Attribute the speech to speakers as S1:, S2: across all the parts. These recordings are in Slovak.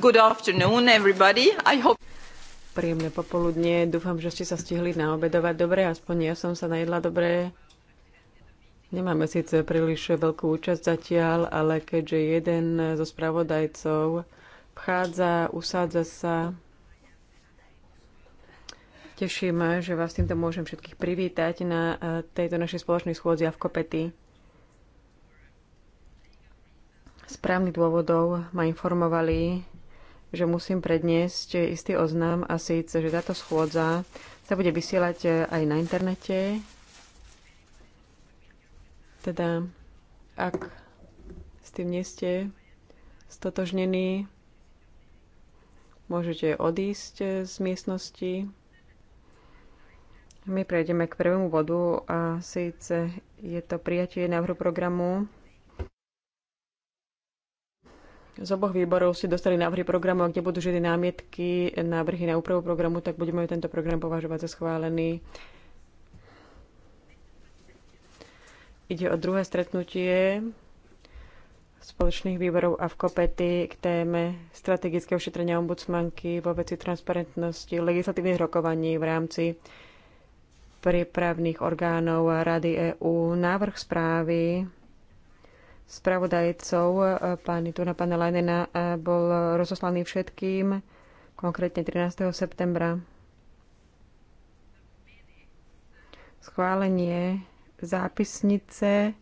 S1: Good afternoon, everybody. I hope...
S2: Príjemné popoludnie. Dúfam, že ste sa stihli naobedovať dobre. Aspoň ja som sa najedla dobre. Nemáme síce príliš veľkú účasť zatiaľ, ale keďže jeden zo spravodajcov vchádza, usádza sa, Teším, že vás týmto môžem všetkých privítať na e, tejto našej spoločnej schôdzi a v Kopety. Správnych dôvodov ma informovali, že musím predniesť istý oznam a síce, že táto schôdza sa bude vysielať aj na internete. Teda, ak s tým nie ste stotožnení, môžete odísť z miestnosti. My prejdeme k prvému bodu a síce je to prijatie návrhu programu z oboch výborov si dostali návrhy programu, ak nebudú žiadne námietky, návrhy na úpravu programu, tak budeme tento program považovať za schválený. Ide o druhé stretnutie spoločných výborov a v kopety k téme strategického ošetrenia ombudsmanky vo veci transparentnosti legislatívnych rokovaní v rámci prípravných orgánov Rady EÚ. Návrh správy spravodajcov, tu e, Tuna, pána Lajnena, e, bol rozoslaný všetkým, konkrétne 13. septembra. Schválenie zápisnice.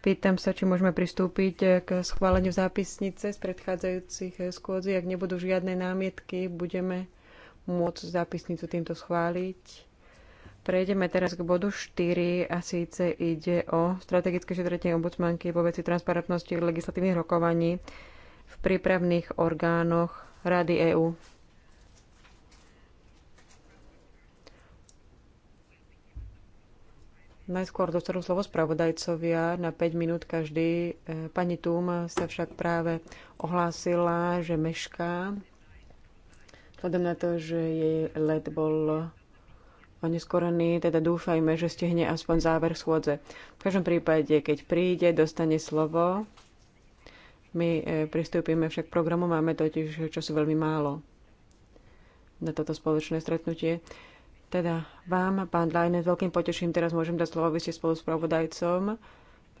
S2: Pýtam sa, či môžeme pristúpiť k schváleniu zápisnice z predchádzajúcich skôdzi. Ak nebudú žiadne námietky, budeme môcť zápisnicu týmto schváliť. Prejdeme teraz k bodu 4 a síce ide o strategické šetretie ombudsmanky vo veci transparentnosti legislatívnych rokovaní v prípravných orgánoch Rady EÚ. Najskôr dostanú slovo spravodajcovia na 5 minút každý. E, pani Túm sa však práve ohlásila, že mešká. Vzhľadom na to, že jej let bol oneskorený, teda dúfajme, že stihne aspoň záver schôdze. V každom prípade, keď príde, dostane slovo. My e, pristúpime však k programu, máme totiž e, času veľmi málo na toto spoločné stretnutie. Teda vám, pán Lajne, veľkým poteším, teraz môžem dať slovo, vy ste spolu s pravodajcom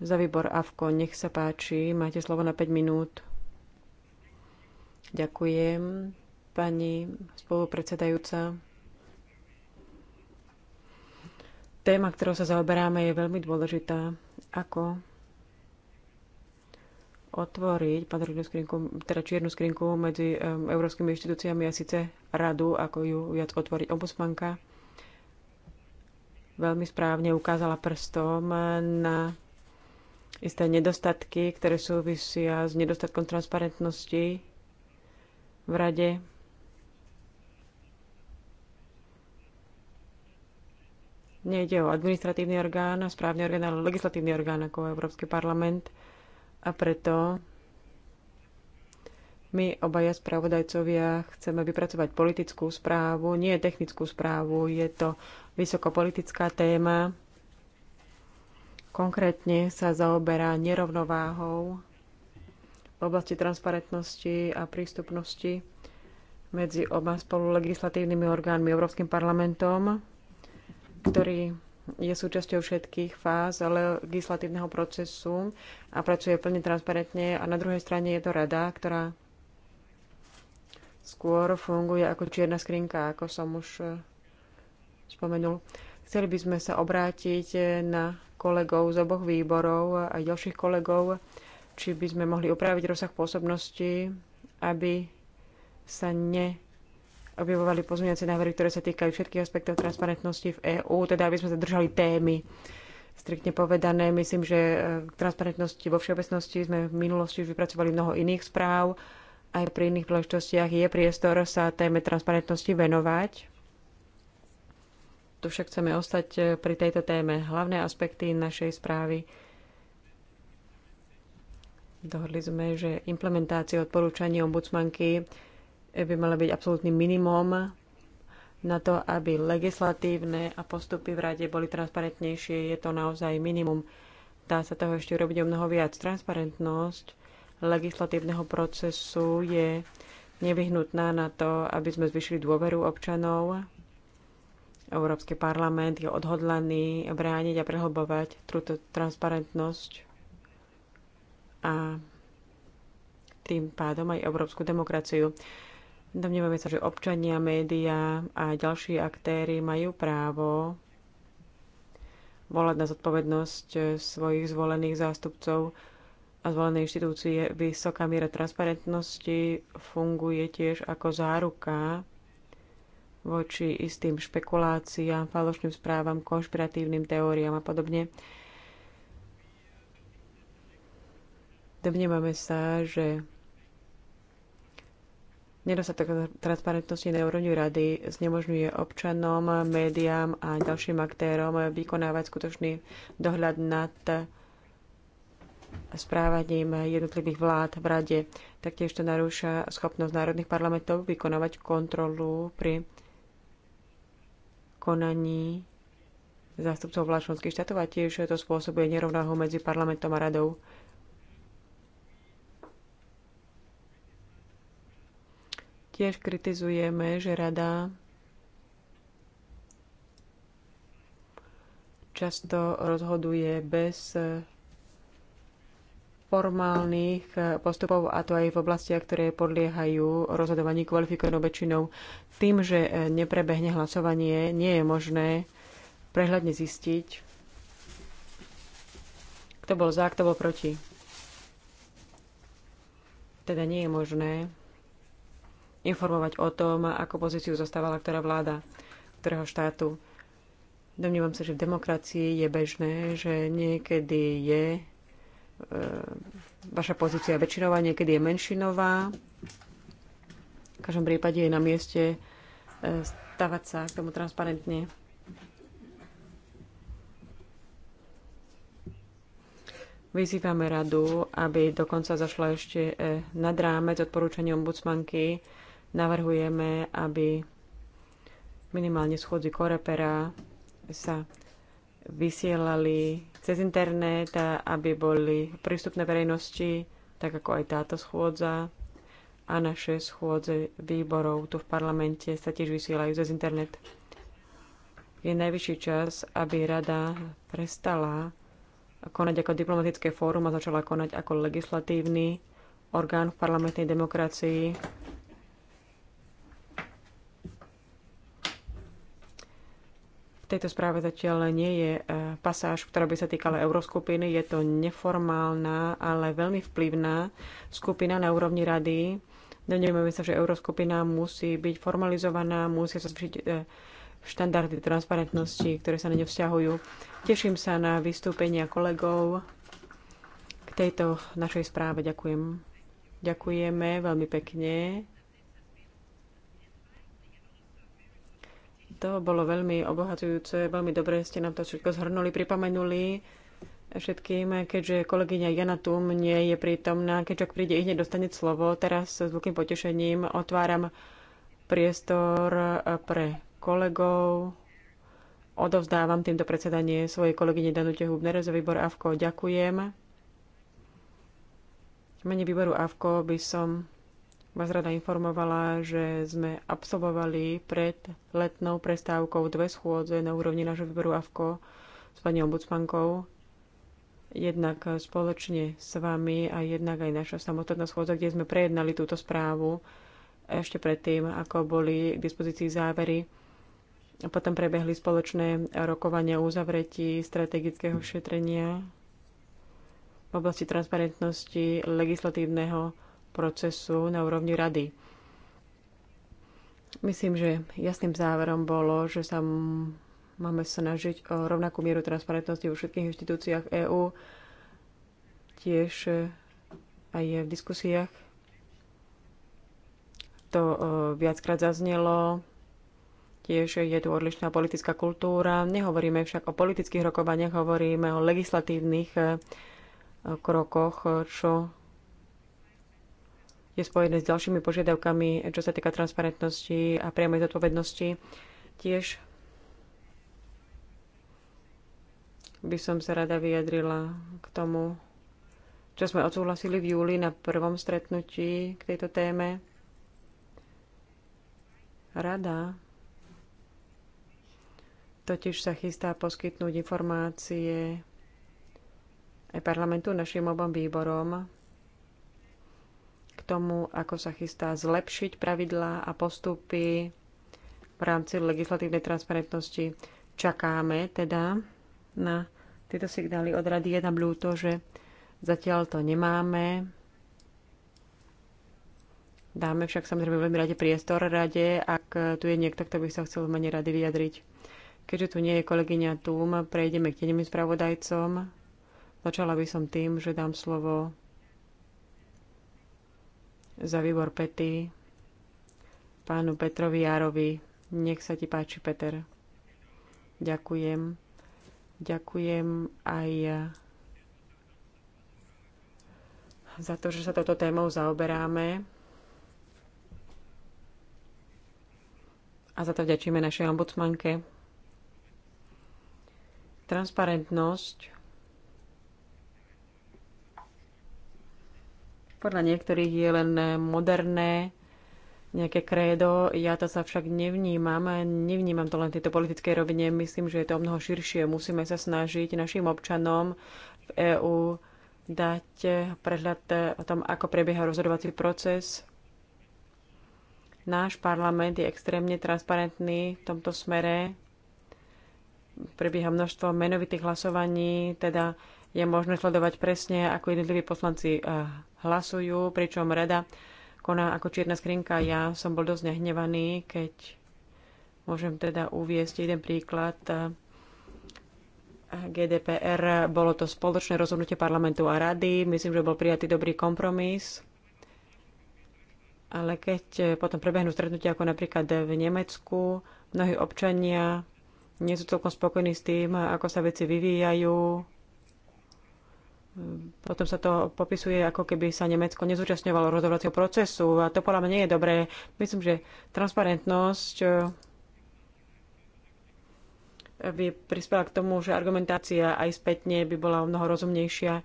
S2: za výbor AVKO. Nech sa páči, máte slovo na 5 minút. Ďakujem, pani spolupredsedajúca. téma, ktorou sa zaoberáme, je veľmi dôležitá. Ako otvoriť pandorinu skrinku, teda čiernu skrinku medzi um, európskymi inštitúciami a síce radu, ako ju viac otvoriť. Ombudsmanka veľmi správne ukázala prstom na isté nedostatky, ktoré súvisia s nedostatkom transparentnosti v rade Nejde o administratívny orgán, správny orgán, ale legislatívny orgán ako Európsky parlament. A preto my obaja spravodajcovia chceme vypracovať politickú správu, nie technickú správu. Je to vysokopolitická téma. Konkrétne sa zaoberá nerovnováhou v oblasti transparentnosti a prístupnosti medzi oba spolulegislatívnymi orgánmi Európskym parlamentom ktorý je súčasťou všetkých fáz legislatívneho procesu a pracuje plne transparentne. A na druhej strane je to rada, ktorá skôr funguje ako čierna skrinka, ako som už eh, spomenul. Chceli by sme sa obrátiť eh, na kolegov z oboch výborov a ďalších kolegov, či by sme mohli upraviť rozsah pôsobnosti, aby sa ne objavovali pozmeňujúce návrhy, ktoré sa týkajú všetkých aspektov transparentnosti v EÚ, teda aby sme sa držali témy. Striktne povedané, myslím, že k e, transparentnosti vo všeobecnosti sme v minulosti už vypracovali mnoho iných správ. Aj pri iných príležitostiach je priestor sa téme transparentnosti venovať. Tu však chceme ostať e, pri tejto téme. Hlavné aspekty našej správy Dohodli sme, že implementácia odporúčaní ombudsmanky by mala byť absolútny minimum na to, aby legislatívne a postupy v rade boli transparentnejšie. Je to naozaj minimum. Dá sa toho ešte robiť o mnoho viac. Transparentnosť legislatívneho procesu je nevyhnutná na to, aby sme zvyšili dôveru občanov. Európsky parlament je odhodlaný brániť a prehlbovať túto transparentnosť a tým pádom aj európsku demokraciu. Domnievame sa, že občania, médiá a ďalší aktéry majú právo volať na zodpovednosť svojich zvolených zástupcov a zvolené inštitúcie. Vysoká miera transparentnosti funguje tiež ako záruka voči istým špekuláciám, falošným správam, konšpiratívnym teóriám a podobne. Domnievame sa, že Nedostatok transparentnosti na úrovni rady znemožňuje občanom, médiám a ďalším aktérom vykonávať skutočný dohľad nad správaním jednotlivých vlád v rade. Taktiež to narúša schopnosť národných parlamentov vykonávať kontrolu pri konaní zástupcov vlád členských štátov a tiež to spôsobuje nerovnáhu medzi parlamentom a radou. Tiež kritizujeme, že rada často rozhoduje bez formálnych postupov, a to aj v oblastiach, ktoré podliehajú rozhodovaní kvalifikovanou väčšinou. Tým, že neprebehne hlasovanie, nie je možné prehľadne zistiť, kto bol za, kto bol proti. Teda nie je možné informovať o tom, ako pozíciu zostávala ktorá vláda ktorého štátu. Domnívam sa, že v demokracii je bežné, že niekedy je e, vaša pozícia väčšinová, niekedy je menšinová. V každom prípade je na mieste e, stavať sa k tomu transparentne. Vyzývame radu, aby dokonca zašla ešte e, nad rámec odporúčania ombudsmanky Navrhujeme, aby minimálne schôdzi Korepera sa vysielali cez internet, aby boli prístupné verejnosti, tak ako aj táto schôdza a naše schôdze výborov tu v parlamente sa tiež vysielajú cez internet. Je najvyšší čas, aby rada prestala konať ako diplomatické fórum a začala konať ako legislatívny orgán v parlamentnej demokracii V tejto správe zatiaľ nie je e, pasáž, ktorá by sa týkala euroskupiny. Je to neformálna, ale veľmi vplyvná skupina na úrovni rady. Domnievame sa, že euroskupina musí byť formalizovaná, musia sa zvýšiť e, štandardy transparentnosti, ktoré sa na ňu vzťahujú. Teším sa na vystúpenia kolegov k tejto našej správe. Ďakujem. Ďakujeme veľmi pekne. To bolo veľmi obohacujúce, veľmi dobre ste nám to všetko zhrnuli, pripomenuli všetkým, keďže kolegyňa Jana Tum nie je prítomná, keďže ak príde hneď dostane slovo, teraz s veľkým potešením otváram priestor e, pre kolegov. Odovzdávam týmto predsedanie svojej kolegyne Danute Hubner za výbor AVKO. Ďakujem. V mene výboru AVKO by som vás rada informovala, že sme absolvovali pred letnou prestávkou dve schôdze na úrovni nášho výboru AVKO s pani ombudsmankou. Jednak spoločne s vami a jednak aj naša samotná schôdza, kde sme prejednali túto správu ešte predtým, ako boli k dispozícii závery. A potom prebehli spoločné rokovania o uzavretí strategického šetrenia v oblasti transparentnosti legislatívneho procesu na úrovni rady. Myslím, že jasným záverom bolo, že sa máme snažiť o rovnakú mieru transparentnosti vo všetkých inštitúciách EÚ, tiež e, aj v diskusiách. To e, viackrát zaznelo. Tiež je tu odlišná politická kultúra. Nehovoríme však o politických rokovaniach, hovoríme o legislatívnych e, krokoch, čo je spojené s ďalšími požiadavkami, čo sa týka transparentnosti a priamej zodpovednosti. Tiež by som sa rada vyjadrila k tomu, čo sme odsúhlasili v júli na prvom stretnutí k tejto téme. Rada totiž sa chystá poskytnúť informácie aj parlamentu, našim obom výborom, tomu, ako sa chystá zlepšiť pravidlá a postupy v rámci legislatívnej transparentnosti. Čakáme teda na tieto signály od rady. Je nám ľúto, že zatiaľ to nemáme. Dáme však samozrejme veľmi rade priestor rade, ak tu je niekto, kto by sa chcel v mene rady vyjadriť. Keďže tu nie je kolegyňa Túm, prejdeme k teným spravodajcom. Začala by som tým, že dám slovo za výbor Pety pánu Petrovi Járovi. Nech sa ti páči, Peter. Ďakujem. Ďakujem aj eh, za to, že sa toto témou zaoberáme a za to vďačíme našej ombudsmanke. Transparentnosť Podľa niektorých je len moderné nejaké krédo. Ja to sa však nevnímam. Nevnímam to len tieto tejto politickej rovine. Myslím, že je to o mnoho širšie. Musíme sa snažiť našim občanom v EÚ dať prehľad o tom, ako prebieha rozhodovací proces. Náš parlament je extrémne transparentný v tomto smere. Prebieha množstvo menovitých hlasovaní, teda je možné sledovať presne, ako jednotliví poslanci eh, hlasujú, pričom rada koná ako čierna skrinka. Ja som bol dosť nehnevaný, keď môžem teda uviesť jeden príklad. Eh, GDPR bolo to spoločné rozhodnutie parlamentu a rady. Myslím, že bol prijatý dobrý kompromis. Ale keď eh, potom prebehnú stretnutia ako napríklad v Nemecku, mnohí občania nie sú celkom spokojní s tým, ako sa veci vyvíjajú, potom sa to popisuje, ako keby sa Nemecko nezúčastňovalo rozhodovacieho procesu a to podľa mňa nie je dobré. Myslím, že transparentnosť eh, by prispela k tomu, že argumentácia aj spätne by bola o mnoho rozumnejšia.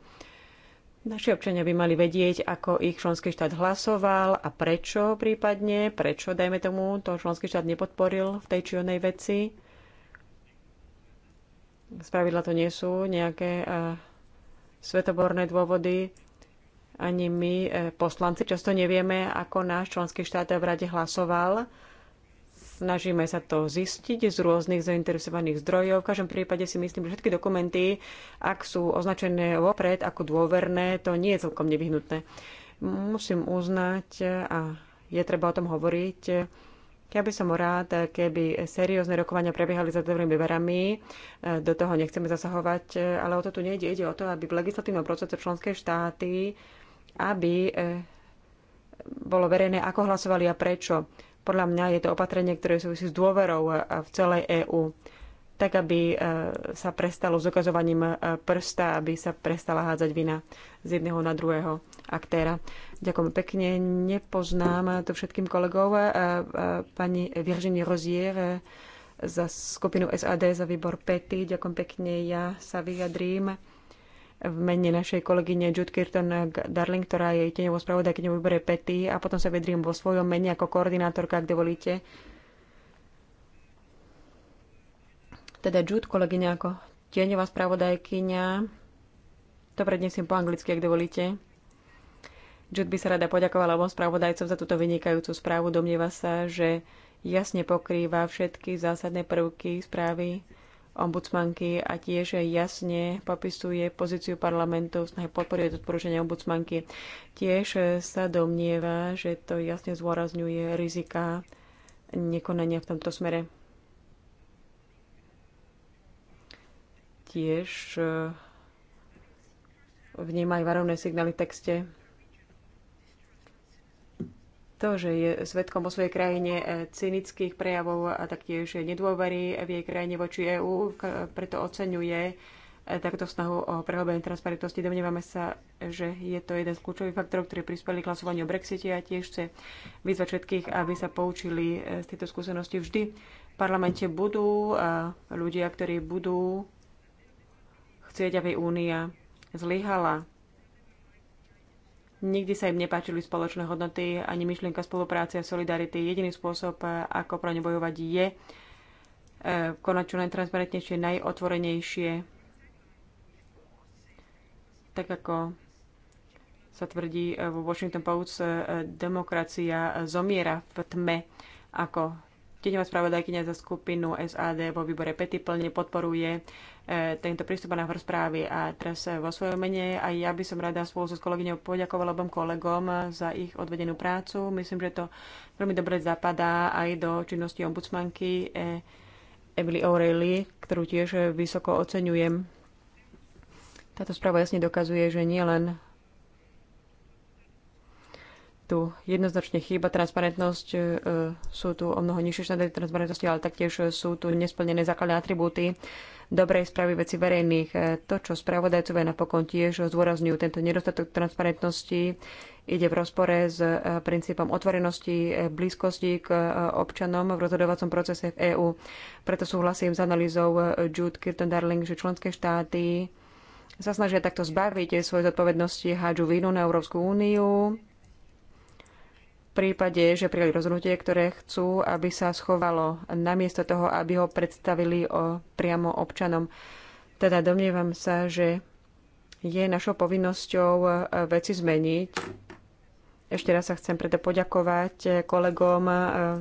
S2: Naši občania by mali vedieť, ako ich členský štát hlasoval a prečo prípadne, prečo, dajme tomu, to členský štát nepodporil v tej či onej veci. Spravidla to nie sú nejaké uh, svetoborné dôvody. Ani my, e, poslanci, často nevieme, ako náš členský štát v rade hlasoval. Snažíme sa to zistiť z rôznych zainteresovaných zdrojov. V každom prípade si myslím, že všetky dokumenty, ak sú označené vopred ako dôverné, to nie je celkom nevyhnutné. Musím uznať, a je treba o tom hovoriť, ja by som rád, keby seriózne rokovania prebiehali za dobrými verami. Do toho nechceme zasahovať, ale o to tu nejde. Ide o to, aby v legislatívnom procese členské štáty, aby eh, bolo verejné, ako hlasovali a prečo. Podľa mňa je to opatrenie, ktoré súvisí s dôverou eh, v celej EÚ tak aby e, sa prestalo s ukazovaním e, prsta, aby sa prestala hádzať vina z jedného na druhého aktéra. Ďakujem pekne. Nepoznám to všetkým kolegov. E, pani Virginie Rozier za skupinu SAD za výbor PETY. Ďakujem pekne. Ja sa vyjadrím v mene našej kolegyne Jude Kirton Darling, ktorá je teňovou spravodajkyňou výbore PETY a potom sa vedrím vo svojom mene ako koordinátorka, ak dovolíte Teda Jude, kolegyňa ako tieňová spravodajkyňa, to prednesiem po anglicky, ak dovolíte. Jude by sa rada poďakovala obom spravodajcom za túto vynikajúcu správu. Domnieva sa, že jasne pokrýva všetky zásadné prvky správy ombudsmanky a tiež jasne popisuje pozíciu parlamentu v snahe podporiť odporúčania ombudsmanky. Tiež sa domnieva, že to jasne zôrazňuje rizika nekonania v tomto smere. tiež e, vnímajú varovné signály v texte. To, že je svetkom o svojej krajine e, cynických prejavov a taktiež nedôvery v jej krajine voči EÚ, preto oceňuje e, takto snahu o prehlbenie transparentnosti. Domnievame sa, že je to jeden z kľúčových faktorov, ktorý prispeli k hlasovaniu o Brexite a tiež chce vyzvať všetkých, aby sa poučili z tejto skúsenosti. Vždy v parlamente budú ľudia, ktorí budú chcieť, aby Únia zlyhala. Nikdy sa im nepáčili spoločné hodnoty ani myšlienka spolupráce a solidarity. Jediný spôsob, ako pro ne bojovať, je e, konať čo najtransparentnejšie, najotvorenejšie, tak ako sa tvrdí e, vo Washington Post, e, demokracia zomiera v tme ako Deňová spravodajkynia za skupinu SAD vo výbore Pety plne podporuje e, tento prístup na správy. A teraz e, vo svojom mene aj ja by som rada spolu so s kolegyňou poďakovala obom kolegom e, za ich odvedenú prácu. Myslím, že to veľmi dobre zapadá aj do činnosti ombudsmanky Emily O'Reilly, ktorú tiež vysoko oceňujem. Táto správa jasne dokazuje, že nielen tu jednoznačne chýba transparentnosť, e, sú tu o mnoho nižšie štandardy transparentnosti, ale taktiež sú tu nesplnené základné atribúty dobrej správy veci verejných. E, to, čo spravodajcovia napokon tiež zdôrazňujú, tento nedostatok transparentnosti ide v rozpore s e, princípom otvorenosti, blízkosti k občanom v rozhodovacom procese v EÚ. Preto súhlasím s analýzou Jude Kirton Darling, že členské štáty sa snažia takto zbaviť svoje zodpovednosti, hádžu vínu na Európsku úniu, prípade, že prijali rozhodnutie, ktoré chcú, aby sa schovalo, namiesto toho, aby ho predstavili o, priamo občanom. Teda domnievam sa, že je našou povinnosťou e, veci zmeniť. Ešte raz sa chcem preto poďakovať e, kolegom. E,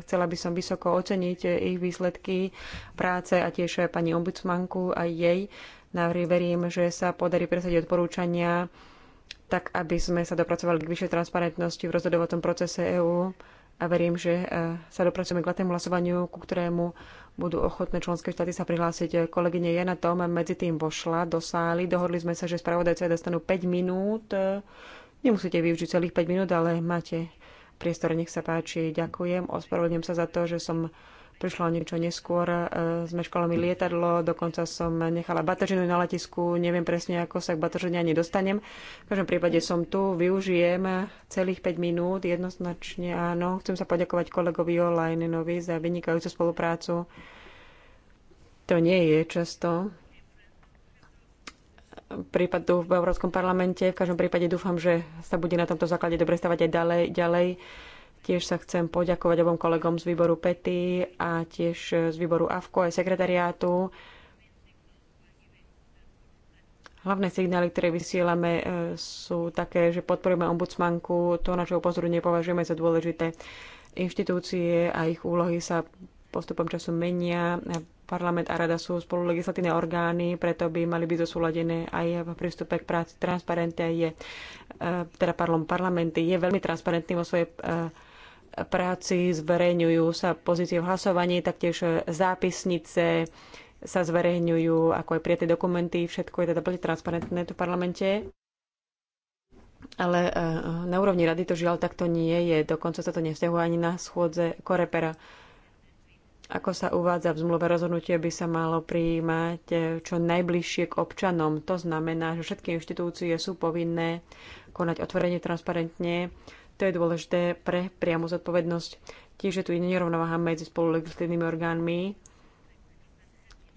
S2: chcela by som vysoko oceniť ich výsledky práce a tiež pani ombudsmanku a jej Navrý Verím, že sa podarí presadiť odporúčania tak aby sme sa dopracovali k vyššej transparentnosti v rozhodovatom procese EÚ a verím, že e, sa dopracujeme k letnému hlasovaniu, ku ktorému budú ochotné členské štáty sa prihlásiť. Kolegyne Jana Tom medzi tým vošla do sály. Dohodli sme sa, že spravodajcovia dostanú 5 minút. Nemusíte využiť celých 5 minút, ale máte priestor, nech sa páči. Ďakujem. Ospravedlňujem sa za to, že som prišlo niečo neskôr, e, sme školami lietadlo, dokonca som nechala batožinu na letisku, neviem presne, ako sa k batožine ani dostanem. V každom prípade som tu, využijem celých 5 minút, jednoznačne áno. Chcem sa poďakovať kolegovi Olajnenovi za vynikajúcu spoluprácu. To nie je často prípad tu v Európskom parlamente. V každom prípade dúfam, že sa bude na tomto základe dobre stavať aj ďalej. ďalej Tiež sa chcem poďakovať obom kolegom z výboru PETI a tiež z výboru AFKO aj sekretariátu. Hlavné signály, ktoré vysielame, e, sú také, že podporujeme ombudsmanku, to naše upozornenie považujeme za dôležité. Inštitúcie a ich úlohy sa postupom času menia. Parlament a rada sú spolu legislatívne orgány, preto by mali byť zosúladené aj v prístupe k práci. Transparente je, e, teda parlom, parlament je veľmi transparentný vo svojej e, práci, zverejňujú sa pozície v hlasovaní, taktiež zápisnice sa zverejňujú, ako aj prijaté dokumenty, všetko je teda plne transparentné tu v parlamente. Ale e, na úrovni rady to žiaľ takto nie je, dokonca sa to nevzťahuje ani na schôdze korepera. Ako sa uvádza v zmluve, rozhodnutie by sa malo prijímať e, čo najbližšie k občanom. To znamená, že všetky inštitúcie sú povinné konať otvorene, transparentne to je dôležité pre priamu zodpovednosť. Tiež je tu nerovnováha medzi spolulegislatívnymi orgánmi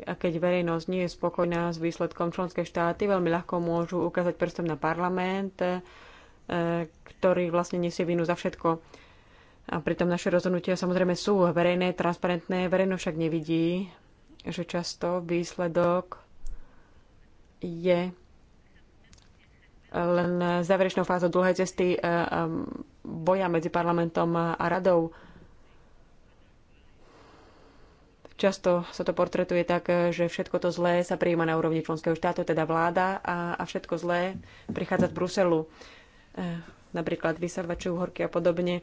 S2: a keď verejnosť nie je spokojná s výsledkom členské štáty, veľmi ľahko môžu ukázať prstom na parlament, e, ktorý vlastne nesie vinu za všetko. A pritom naše rozhodnutia samozrejme sú verejné, transparentné, verejno však nevidí, že často výsledok je len záverečnou fázou dlhej cesty e, e, boja medzi parlamentom a radou. Často sa to portretuje tak, že všetko to zlé sa prijíma na úrovni členského štátu, teda vláda, a, a všetko zlé prichádza z Bruselu. E, napríklad vysávače uhorky a podobne.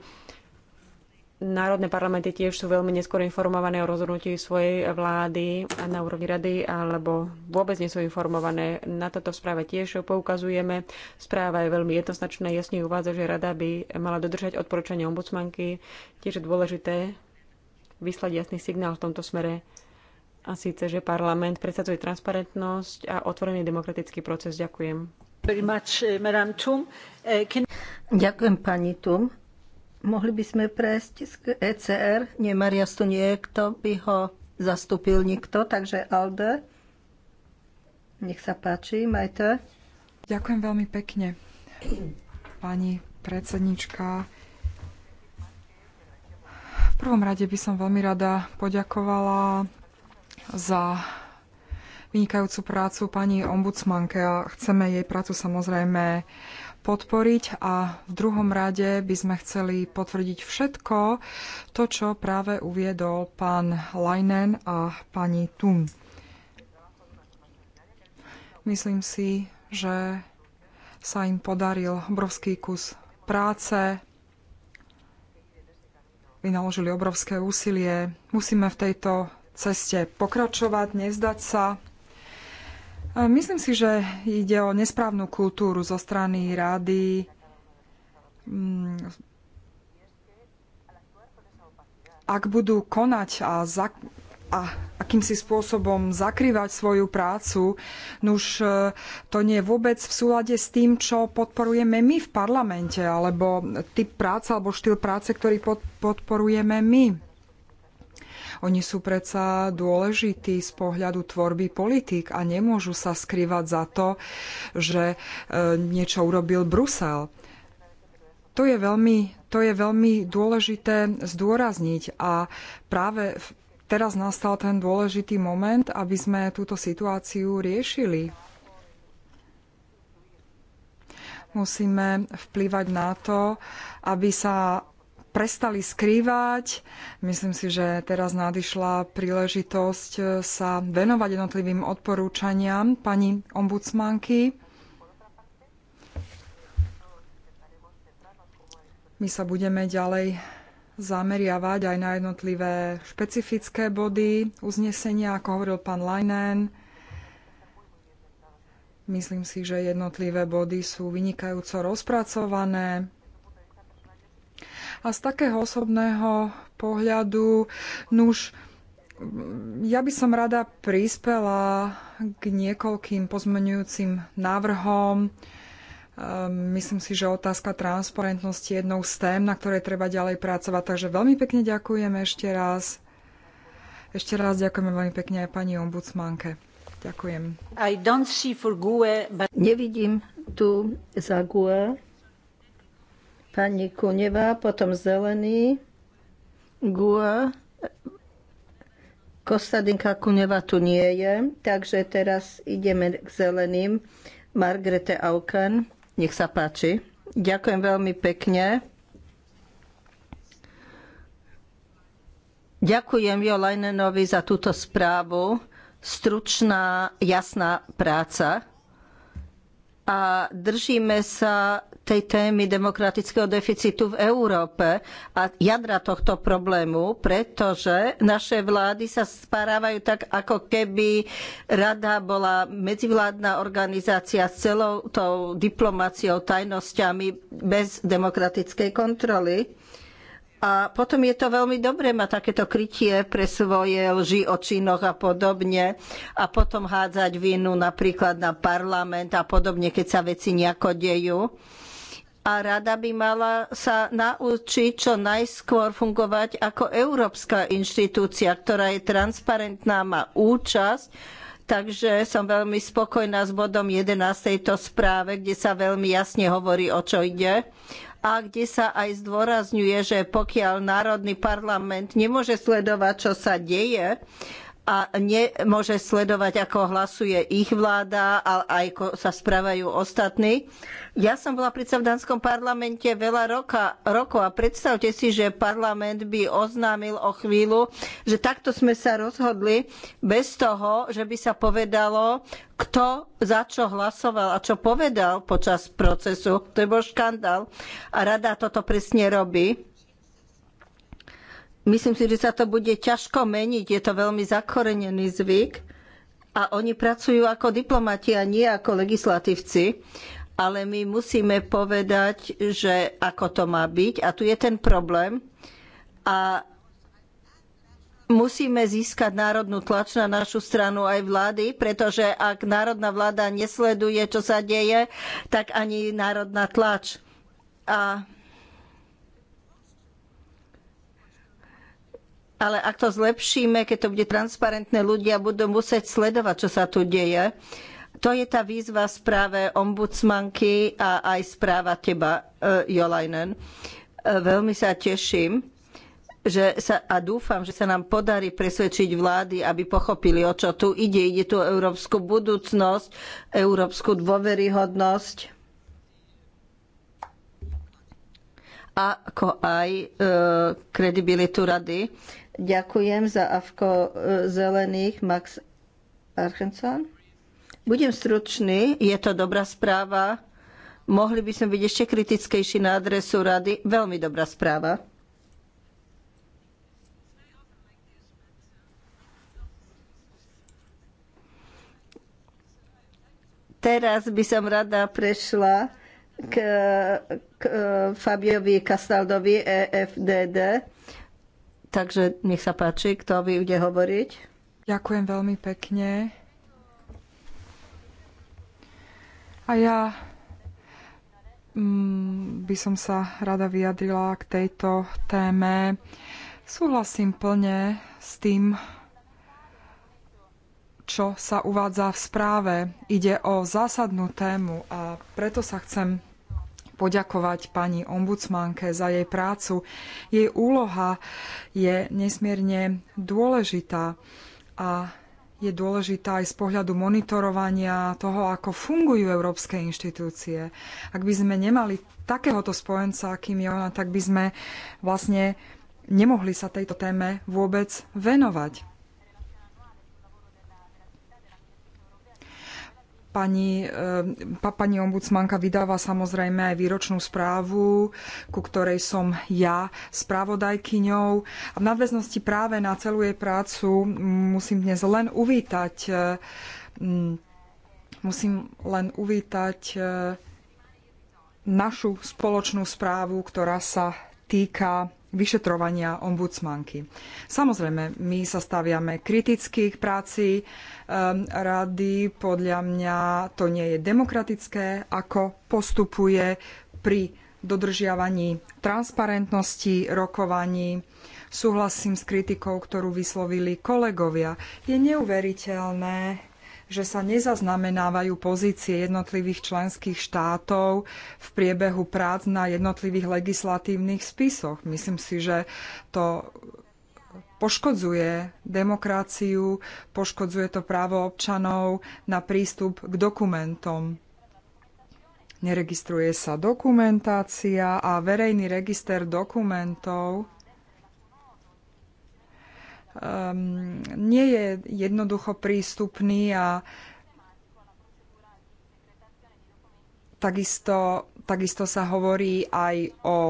S2: Národné parlamenty tiež sú veľmi neskôr informované o rozhodnutí svojej vlády na úrovni rady alebo vôbec nie sú informované. Na toto v správe tiež poukazujeme. Správa je veľmi jednoznačná, jasne uvádza, že rada by mala dodržať odporúčanie ombudsmanky. Tiež je dôležité vyslať jasný signál v tomto smere. A síce, že parlament predstavuje transparentnosť a otvorený
S3: demokratický proces. Ďakujem. Much, eh, Tum. Eh, Ďakujem pani Tum. Mohli by sme prejsť z ECR. Nie, Marias tu nie je, kto by ho zastúpil nikto, takže Alde. Nech sa páči, majte. Ďakujem veľmi pekne, pani predsednička.
S1: V prvom rade by som veľmi rada poďakovala za vynikajúcu prácu pani ombudsmanke a chceme jej prácu samozrejme podporiť a v druhom rade by sme chceli potvrdiť všetko to, čo práve uviedol pán Leinen a pani Tun. Myslím si, že sa im podaril obrovský kus práce, vynaložili obrovské úsilie. Musíme v tejto ceste pokračovať, nezdať sa. Myslím si, že ide o nesprávnu kultúru zo strany rady. Mm. Ak budú konať a, za, a akýmsi spôsobom zakrývať svoju prácu, nuž e, to nie je vôbec v súlade s tým, čo podporujeme my v parlamente, alebo typ práce alebo štýl práce, ktorý podporujeme my. Oni sú predsa dôležití z pohľadu tvorby politík a nemôžu sa skrývať za to, že e, niečo urobil Brusel. To je veľmi, to je veľmi dôležité zdôrazniť a práve teraz nastal ten dôležitý moment, aby sme túto situáciu riešili musíme vplývať na to, aby sa prestali skrývať. Myslím si, že teraz nadišla príležitosť eh, sa venovať jednotlivým odporúčaniam pani ombudsmanky. My sa budeme ďalej zameriavať aj na jednotlivé špecifické body uznesenia, ako hovoril pán Leinen. Myslím si, že jednotlivé body sú vynikajúco rozpracované. A z takého osobného pohľadu, nuž, ja by som rada prispela k niekoľkým pozmenujúcim návrhom. Ehm, myslím si, že otázka transparentnosti je jednou z tém, na ktorej treba ďalej pracovať. Takže veľmi pekne ďakujem ešte raz. Ešte raz ďakujeme veľmi pekne aj pani ombudsmanke. Ďakujem.
S3: Gue, but... Nevidím tu za GUE pani Kuneva, potom zelený, Gua, Kostadinka Kuneva tu nie je, takže teraz ideme k zeleným. Margrete Auken, nech sa páči. Ďakujem veľmi pekne. Ďakujem Jo za túto správu. Stručná, jasná práca. A držíme sa tej témy demokratického deficitu v Európe a jadra tohto problému, pretože naše vlády sa spárávajú tak, ako keby rada bola medzivládna organizácia s celou tou diplomáciou, tajnosťami bez demokratickej kontroly. A potom je to veľmi dobré mať takéto krytie pre svoje lži o činoch a podobne a potom hádzať vinu napríklad na parlament a podobne, keď sa veci nejako dejú a rada by mala sa naučiť čo najskôr fungovať ako európska inštitúcia, ktorá je transparentná, má účasť. Takže som veľmi spokojná s bodom 11 tejto správe, kde sa veľmi jasne hovorí, o čo ide a kde sa aj zdôrazňuje, že pokiaľ Národný parlament nemôže sledovať, čo sa deje, a nemôže sledovať, ako hlasuje ich vláda a aj sa správajú ostatní. Ja som bola predsa v Dánskom parlamente veľa roka, rokov a predstavte si, že parlament by oznámil o chvíľu, že takto sme sa rozhodli bez toho, že by sa povedalo, kto za čo hlasoval a čo povedal počas procesu. To je bol škandál. A rada toto presne robí Myslím si, že sa to bude ťažko meniť. Je to veľmi zakorenený zvyk a oni pracujú ako diplomati a nie ako legislatívci. Ale my musíme povedať, že ako to má byť. A tu je ten problém. A musíme získať národnú tlač na našu stranu aj vlády, pretože ak národná vláda nesleduje, čo sa deje, tak ani národná tlač. A ale ak to zlepšíme, keď to bude transparentné, ľudia budú musieť sledovať, čo sa tu deje. To je tá výzva správe ombudsmanky a aj správa teba, e, Jolajnen. E, veľmi sa teším že sa, a dúfam, že sa nám podarí presvedčiť vlády, aby pochopili, o čo tu ide. Ide tu o európsku budúcnosť, európsku dôveryhodnosť. ako aj e, kredibilitu rady. Ďakujem za Avko e, Zelených, Max Archenson. Budem stručný, je to dobrá správa. Mohli by sme byť ešte kritickejší na adresu rady. Veľmi dobrá správa. Teraz by som rada prešla k, k e, Fabiovi Castaldovi EFDD Takže nech sa páči, kto bude hovoriť. Ďakujem veľmi pekne.
S1: A ja mm, by som sa rada vyjadrila k tejto téme. Súhlasím plne s tým, čo sa uvádza v správe. Ide o zásadnú tému a preto sa chcem poďakovať pani ombudsmanke za jej prácu. Jej úloha je nesmierne dôležitá a je dôležitá aj z pohľadu monitorovania toho, ako fungujú európske inštitúcie. Ak by sme nemali takéhoto spojenca, akým je ona, tak by sme vlastne nemohli sa tejto téme vôbec venovať. Pani, eh, pani ombudsmanka vydáva samozrejme aj výročnú správu, ku ktorej som ja spravodajkyňou. A v nadväznosti práve na celú jej prácu musím dnes len uvítať eh, musím len uvítať eh, našu spoločnú správu, ktorá sa týka vyšetrovania ombudsmanky. Samozrejme, my sa staviame kriticky k práci um, rady. Podľa mňa to nie je demokratické, ako postupuje pri dodržiavaní transparentnosti rokovaní. Súhlasím s kritikou, ktorú vyslovili kolegovia. Je neuveriteľné, že sa nezaznamenávajú pozície jednotlivých členských štátov v priebehu prác na jednotlivých legislatívnych spisoch. Myslím si, že to poškodzuje demokraciu, poškodzuje to právo občanov na prístup k dokumentom. Neregistruje sa dokumentácia a verejný register dokumentov um, nie je jednoducho prístupný a takisto, takisto sa hovorí aj o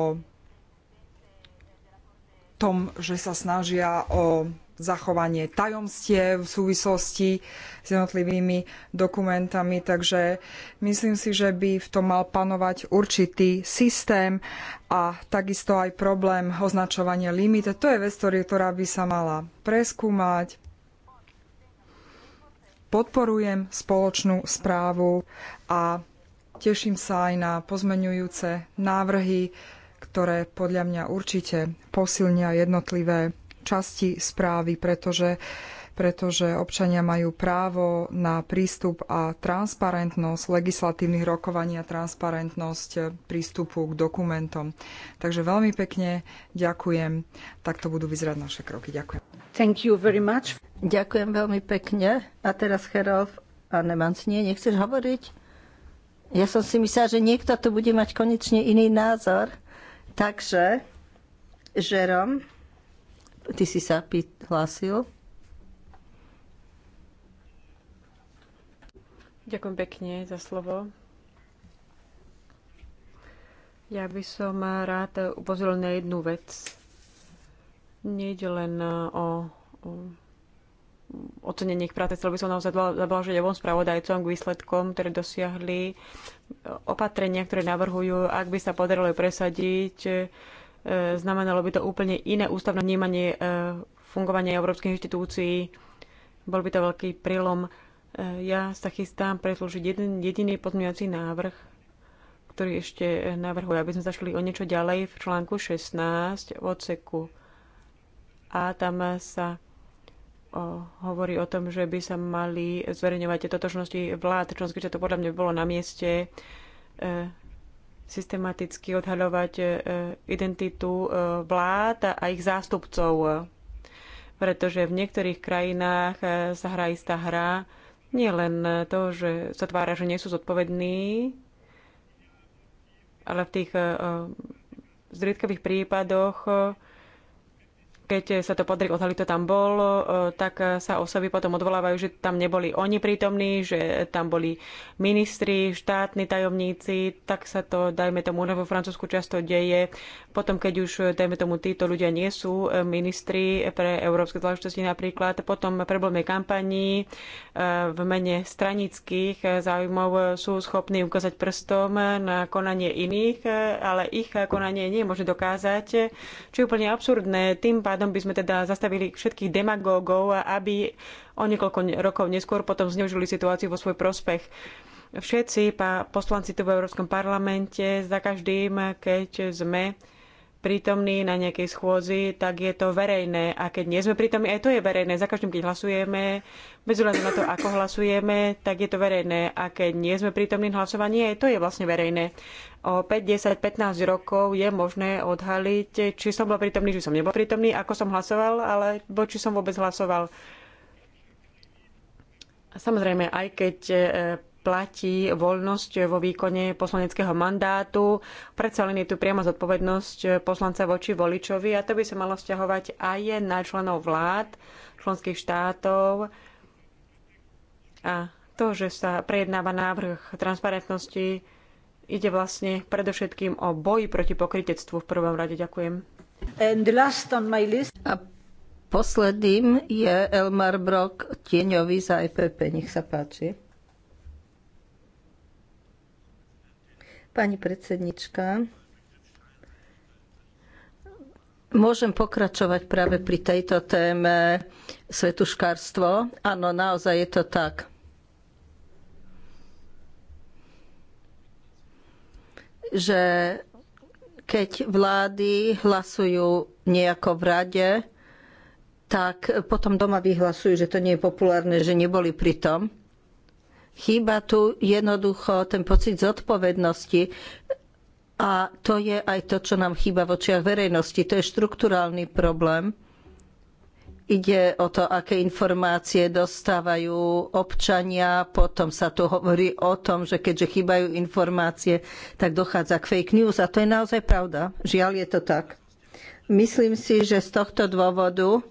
S1: tom, že sa snažia o zachovanie tajomstiev v súvislosti s jednotlivými dokumentami. Takže myslím si, že by v tom mal panovať určitý systém a takisto aj problém označovania limit. To je vec, ktorá by sa mala preskúmať. Podporujem spoločnú správu a teším sa aj na pozmeňujúce návrhy, ktoré podľa mňa určite posilnia jednotlivé časti správy, pretože pretože občania majú právo na prístup a transparentnosť legislatívnych rokovaní a transparentnosť e, prístupu k dokumentom.
S3: Takže veľmi pekne ďakujem. Takto budú vyzerať naše kroky. Ďakujem. Thank you very much. Ďakujem veľmi pekne. A teraz Herolf Nemanc, nie, nechceš hovoriť? Ja som si myslela, že niekto tu bude mať konečne iný názor. Takže, Žerom, Ty si sa hlásil. Ďakujem pekne
S2: za slovo. Ja by som rád upozoril na jednu vec. Nejde len o, o ocenenie ich práce. Chcel by som naozaj zablažiť obom spravodajcom k výsledkom, ktoré dosiahli opatrenia, ktoré navrhujú, ak by sa podarilo presadiť, Znamenalo by to úplne iné ústavné vnímanie e, fungovania európskych inštitúcií. Bol by to veľký prilom. E, ja sa chystám predložiť jeden jediný pozmeňovací návrh, ktorý ešte e, navrhuje, aby sme zašli o niečo ďalej v článku 16 v odseku. A tam sa o, hovorí o tom, že by sa mali zverejňovať totožnosti vlád čo to Podľa mňa bolo na mieste e, systematicky odhaľovať e, identitu e, vlád a ich zástupcov, pretože v niektorých krajinách e, sa hrá istá hra, nie len to, že sa tvára, že nie sú zodpovední, ale v tých zriedkavých prípadoch keď sa to podrik odhalí, to tam bol, e, tak sa osoby potom odvolávajú, že tam neboli oni prítomní, že tam boli ministri, štátni tajomníci, tak sa to, dajme tomu, vo Francúzsku často deje. Potom, keď už, dajme tomu, títo ľudia nie sú e, ministri pre európske záležitosti napríklad, potom problémy kampaní e, v mene stranických záujmov sú schopní ukázať prstom na konanie iných, ale ich konanie nie je možné dokázať, čo je úplne absurdné. Tým pádom pádom by sme teda zastavili všetkých demagógov, aby o niekoľko rokov neskôr potom zneužili situáciu vo svoj prospech. Všetci poslanci tu v Európskom parlamente za každým, keď sme prítomní na nejakej schôdzi, tak je to verejné. A keď nie sme prítomní, aj to je verejné. Za každým, keď hlasujeme, bez ohľadu na to, ako hlasujeme, tak je to verejné. A keď nie sme prítomní na hlasovaní, aj to je vlastne verejné. O 5, 10, 15 rokov je možné odhaliť, či som bol prítomný, či som nebol prítomný, ako som hlasoval, alebo či som vôbec hlasoval. Samozrejme, aj keď e, platí voľnosť vo výkone poslaneckého mandátu. Predsa len je tu priama zodpovednosť poslanca voči voličovi a to by sa malo vzťahovať aj na členov vlád, členských štátov. A to, že sa prejednáva návrh transparentnosti, ide vlastne predovšetkým o boji proti pokritectvu v prvom
S3: rade. Ďakujem. A posledným je Elmar Brok, tieňový za EPP. Nech sa páči. Pani predsednička, Môžem pokračovať práve pri tejto téme svetuškárstvo. Áno, naozaj je to tak. Že keď vlády hlasujú nejako v rade, tak potom doma vyhlasujú, že to nie je populárne, že neboli pri tom. Chýba tu jednoducho ten pocit zodpovednosti. A to je aj to, čo nám chýba v očiach verejnosti. To je štrukturálny problém. Ide o to, aké informácie dostávajú občania, potom sa tu hovorí o tom, že keďže chýbajú informácie, tak dochádza k fake news a to je naozaj pravda. Žiaľ je to tak. Myslím si, že z tohto dôvodu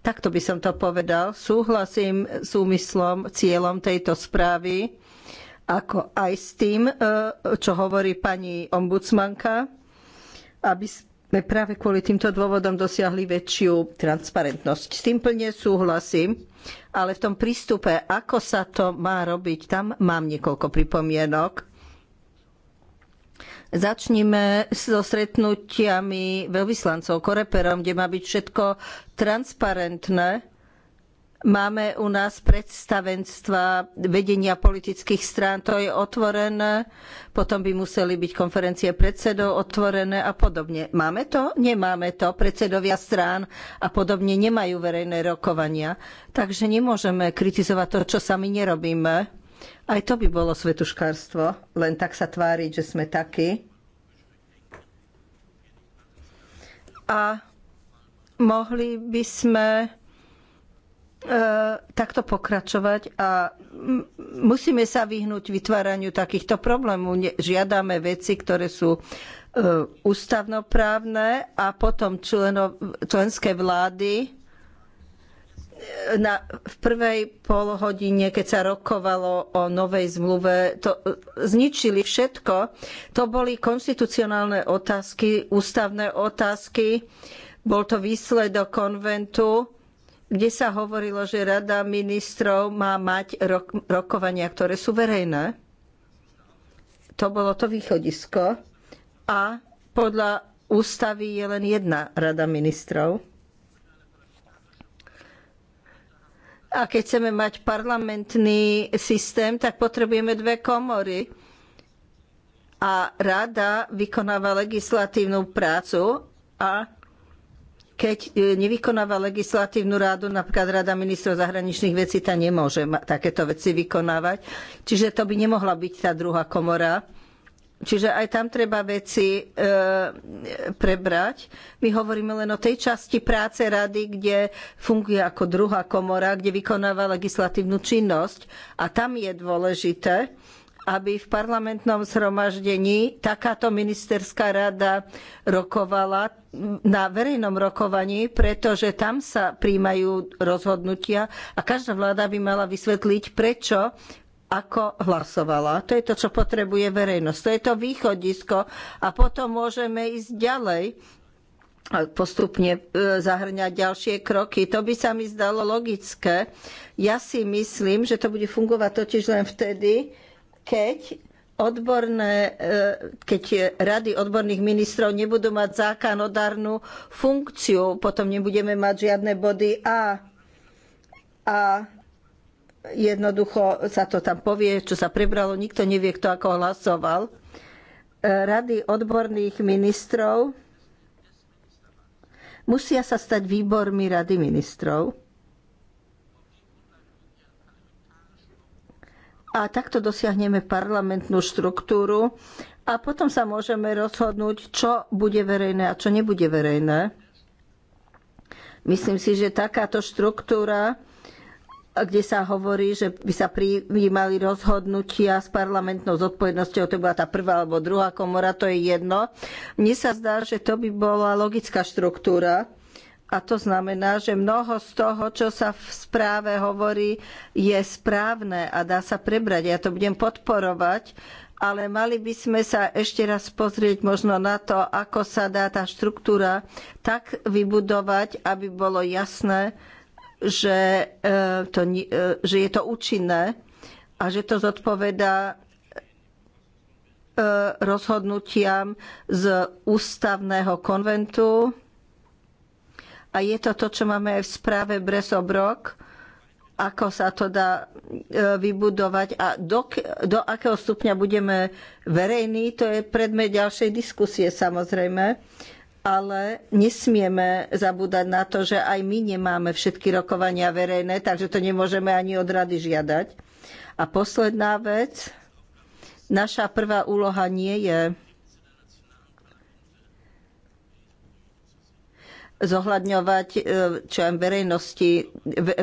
S3: Takto by som to povedal. Súhlasím s úmyslom, cieľom tejto správy, ako aj s tým, e, čo hovorí pani ombudsmanka, aby sme práve kvôli týmto dôvodom dosiahli väčšiu transparentnosť. S tým plne súhlasím, ale v tom prístupe, ako sa to má robiť, tam mám niekoľko pripomienok. Začnime so stretnutiami veľvyslancov, koreperom, kde má byť všetko transparentné. Máme u nás predstavenstva vedenia politických strán, to je otvorené, potom by museli byť konferencie predsedov otvorené a podobne. Máme to? Nemáme to. Predsedovia strán a podobne nemajú verejné rokovania. Takže nemôžeme kritizovať to, čo sami nerobíme aj to by bolo svetuškárstvo, len tak sa tváriť, že sme takí. A mohli by sme e, takto pokračovať a musíme sa vyhnúť vytváraniu takýchto problémov. Žiadame veci, ktoré sú e, ústavnoprávne a potom členov, členské vlády na, v prvej polhodine, keď sa rokovalo o novej zmluve, to e, zničili všetko. To boli konštitucionálne otázky, ústavné otázky. Bol to výsledok konventu, kde sa hovorilo, že Rada ministrov má mať rok, rokovania, ktoré sú verejné. To bolo to východisko. A podľa ústavy je len jedna Rada ministrov A keď chceme mať parlamentný systém, tak potrebujeme dve komory. A rada vykonáva legislatívnu prácu a keď e, nevykonáva legislatívnu rádu, napríklad Rada ministrov zahraničných vecí, tá nemôže takéto veci vykonávať. Čiže to by nemohla byť tá druhá komora. Čiže aj tam treba veci e, prebrať. My hovoríme len o tej časti práce rady, kde funguje ako druhá komora, kde vykonáva legislatívnu činnosť. A tam je dôležité, aby v parlamentnom zhromaždení takáto ministerská rada rokovala na verejnom rokovaní, pretože tam sa príjmajú rozhodnutia a každá vláda by mala vysvetliť, prečo ako hlasovala. To je to, čo potrebuje verejnosť. To je to východisko a potom môžeme ísť ďalej a postupne e, zahrňať ďalšie kroky. To by sa mi zdalo logické. Ja si myslím, že to bude fungovať totiž len vtedy, keď odborné, e, keď rady odborných ministrov nebudú mať zákonodárnu funkciu, potom nebudeme mať žiadne body A. A jednoducho sa to tam povie, čo sa prebralo, nikto nevie, kto ako hlasoval. E, Rady odborných ministrov musia sa stať výbormi Rady ministrov. A takto dosiahneme parlamentnú štruktúru a potom sa môžeme rozhodnúť, čo bude verejné a čo nebude verejné. Myslím si, že takáto štruktúra kde sa hovorí, že by sa prijímali rozhodnutia s parlamentnou zodpovednosťou, to bola tá prvá alebo druhá komora, to je jedno. Mne sa zdá, že to by bola logická štruktúra a to znamená, že mnoho z toho, čo sa v správe hovorí, je správne a dá sa prebrať. Ja to budem podporovať, ale mali by sme sa ešte raz pozrieť možno na to, ako sa dá tá štruktúra tak vybudovať, aby bolo jasné, že, e, to, e, že je to účinné a že to zodpoveda e, rozhodnutiam z ústavného konventu. A je to to, čo máme aj v správe Bresobrok, ako sa to dá vybudovať a do, do akého stupňa budeme verejní, to je predmet ďalšej diskusie samozrejme ale nesmieme zabúdať na to, že aj my nemáme všetky rokovania verejné, takže to nemôžeme ani od rady žiadať. A posledná vec, naša prvá úloha nie je zohľadňovať e, čo aj verejnosti,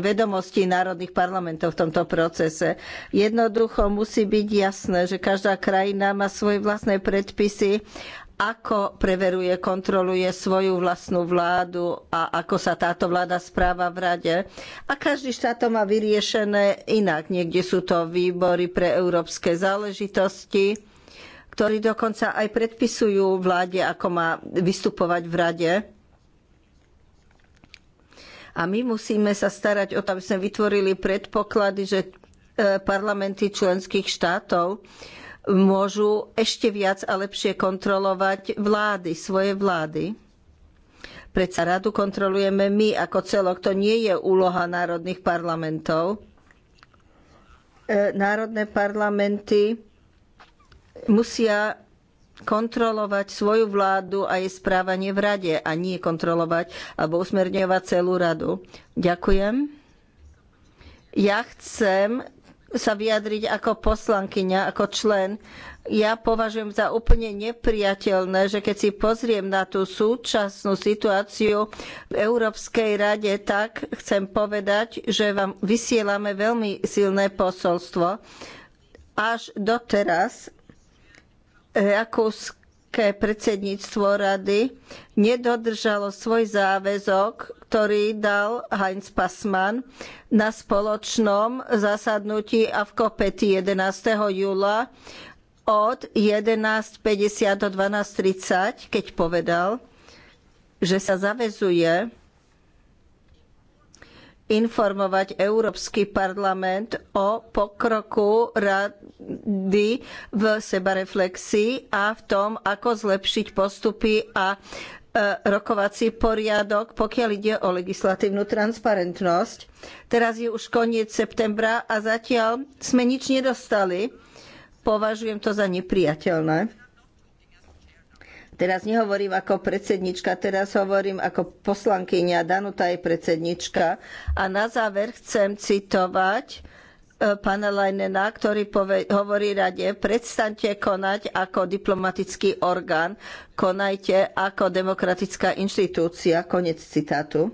S3: vedomosti národných parlamentov v tomto procese. Jednoducho musí byť jasné, že každá krajina má svoje vlastné predpisy ako preveruje, kontroluje svoju vlastnú vládu a ako sa táto vláda správa v rade. A každý štát to má vyriešené inak. Niekde sú to výbory pre európske záležitosti, ktorí dokonca aj predpisujú vláde, ako má vystupovať v rade. A my musíme sa starať o to, aby sme vytvorili predpoklady, že e, parlamenty členských štátov môžu ešte viac a lepšie kontrolovať vlády, svoje vlády. Predsa radu kontrolujeme my ako celok. To nie je úloha národných parlamentov. E, národné parlamenty musia kontrolovať svoju vládu a jej správanie v rade a nie kontrolovať alebo usmerňovať celú radu. Ďakujem. Ja chcem sa vyjadriť ako poslankyňa, ako člen. Ja považujem za úplne neprijateľné, že keď si pozriem na tú súčasnú situáciu v Európskej rade, tak chcem povedať, že vám vysielame veľmi silné posolstvo. Až doteraz rakúske predsedníctvo rady nedodržalo svoj záväzok ktorý dal Heinz Passmann na spoločnom zasadnutí AVKOPETI 11. júla od 11.50 do 12.30, keď povedal, že sa zavezuje informovať Európsky parlament o pokroku rady v sebareflexii a v tom, ako zlepšiť postupy a E, rokovací poriadok, pokiaľ ide o legislatívnu transparentnosť. Teraz je už koniec septembra a zatiaľ sme nič nedostali. Považujem to za neprijateľné. Teraz nehovorím ako predsednička, teraz hovorím ako poslankyňa. Danuta je predsednička. A na záver chcem citovať E, pána Leinena, ktorý hovorí rade, prestaňte konať ako diplomatický orgán, konajte ako demokratická inštitúcia. Konec citátu.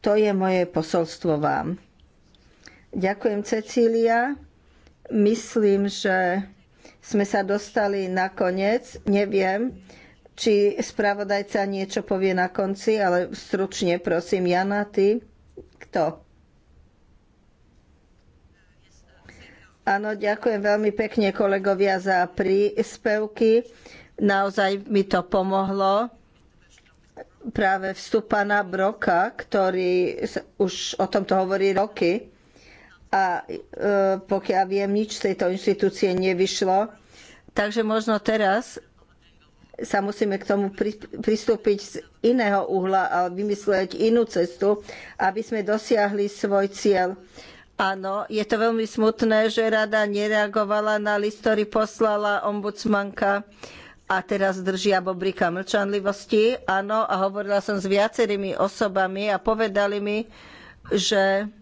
S3: To je moje posolstvo vám. Ďakujem, Cecília. Myslím, že sme sa dostali na koniec. Neviem, či spravodajca niečo povie na konci, ale stručne prosím, Jana, ty? Kto? Áno, ďakujem veľmi pekne kolegovia za príspevky. Naozaj mi to pomohlo práve vstup pana Broka, ktorý už o tomto hovorí roky a e, pokiaľ viem, nič z tejto inštitúcie nevyšlo. Takže možno teraz sa musíme k tomu pristúpiť z iného uhla a vymyslieť inú cestu, aby sme dosiahli svoj cieľ. Áno, je to veľmi smutné, že rada nereagovala na list, ktorý poslala ombudsmanka a teraz držia bobrika mlčanlivosti. Áno, a hovorila som s viacerými osobami a povedali mi, že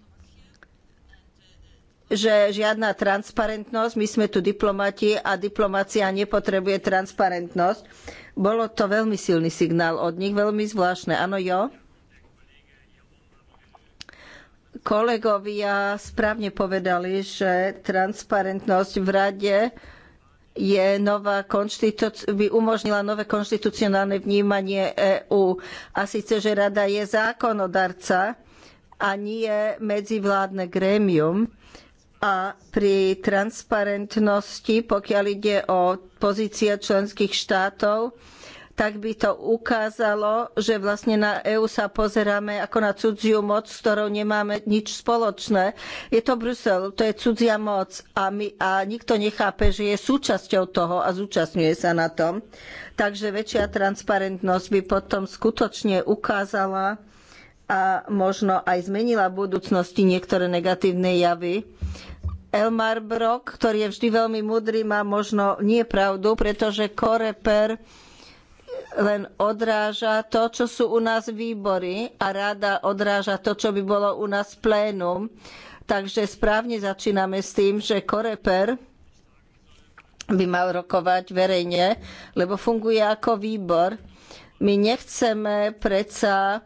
S3: že žiadna transparentnosť, my sme tu diplomati a diplomacia nepotrebuje transparentnosť. Bolo to veľmi silný signál od nich, veľmi zvláštne. Áno, jo? Kolegovia správne povedali, že transparentnosť v rade je nová by umožnila nové konštitucionálne vnímanie EÚ. A síce, že rada je zákonodarca a nie medzivládne grémium. A pri transparentnosti, pokiaľ ide o pozície členských štátov, tak by to ukázalo, že vlastne na EÚ sa pozeráme ako na cudziu moc, s ktorou nemáme nič spoločné. Je to Brusel, to je cudzia moc a, my, a nikto nechápe, že je súčasťou toho a zúčastňuje sa na tom. Takže väčšia transparentnosť by potom skutočne ukázala a možno aj zmenila v budúcnosti niektoré negatívne javy. Elmar Brok, ktorý je vždy veľmi múdry, má možno nie pravdu, pretože Koreper len odráža to, čo sú u nás výbory a rada odráža to, čo by bolo u nás plénum. Takže správne začíname s tým, že Koreper by mal rokovať verejne, lebo funguje ako výbor. My nechceme predsa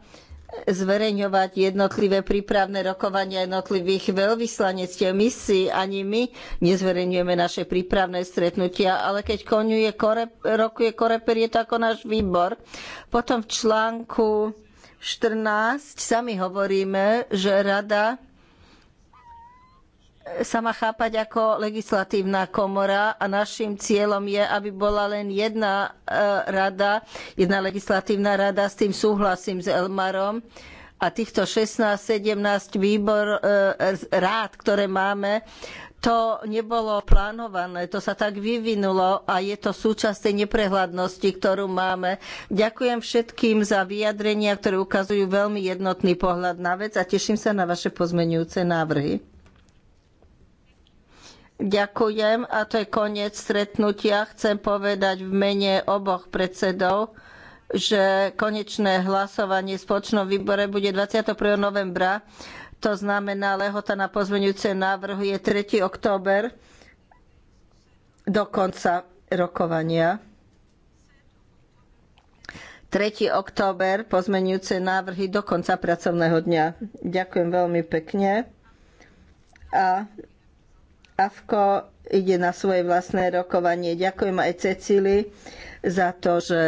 S3: zverejňovať jednotlivé prípravné rokovania jednotlivých veľvyslanectiev misií. Ani my nezverejňujeme naše prípravné stretnutia, ale keď konuje korep, rokuje koreper, je to ako náš výbor. Potom v článku 14 sami hovoríme, že rada sa má chápať ako legislatívna komora a našim cieľom je, aby bola len jedna e, rada, jedna legislatívna rada, s tým súhlasím s Elmarom. A týchto 16-17 výbor e, rád, ktoré máme, to nebolo plánované, to sa tak vyvinulo a je to súčasť tej neprehľadnosti, ktorú máme. Ďakujem všetkým za vyjadrenia, ktoré ukazujú veľmi jednotný pohľad na vec a teším sa na vaše pozmenujúce návrhy. Ďakujem a to je koniec stretnutia. Chcem povedať v mene oboch predsedov, že konečné hlasovanie v spoločnom výbore bude 21. novembra. To znamená, lehota na pozmeňujúce návrhy je 3. október do konca rokovania. 3. október, pozmeňujúce návrhy do konca pracovného dňa. Ďakujem veľmi pekne. A Avko ide na svoje vlastné rokovanie. Ďakujem aj Cecily za to, že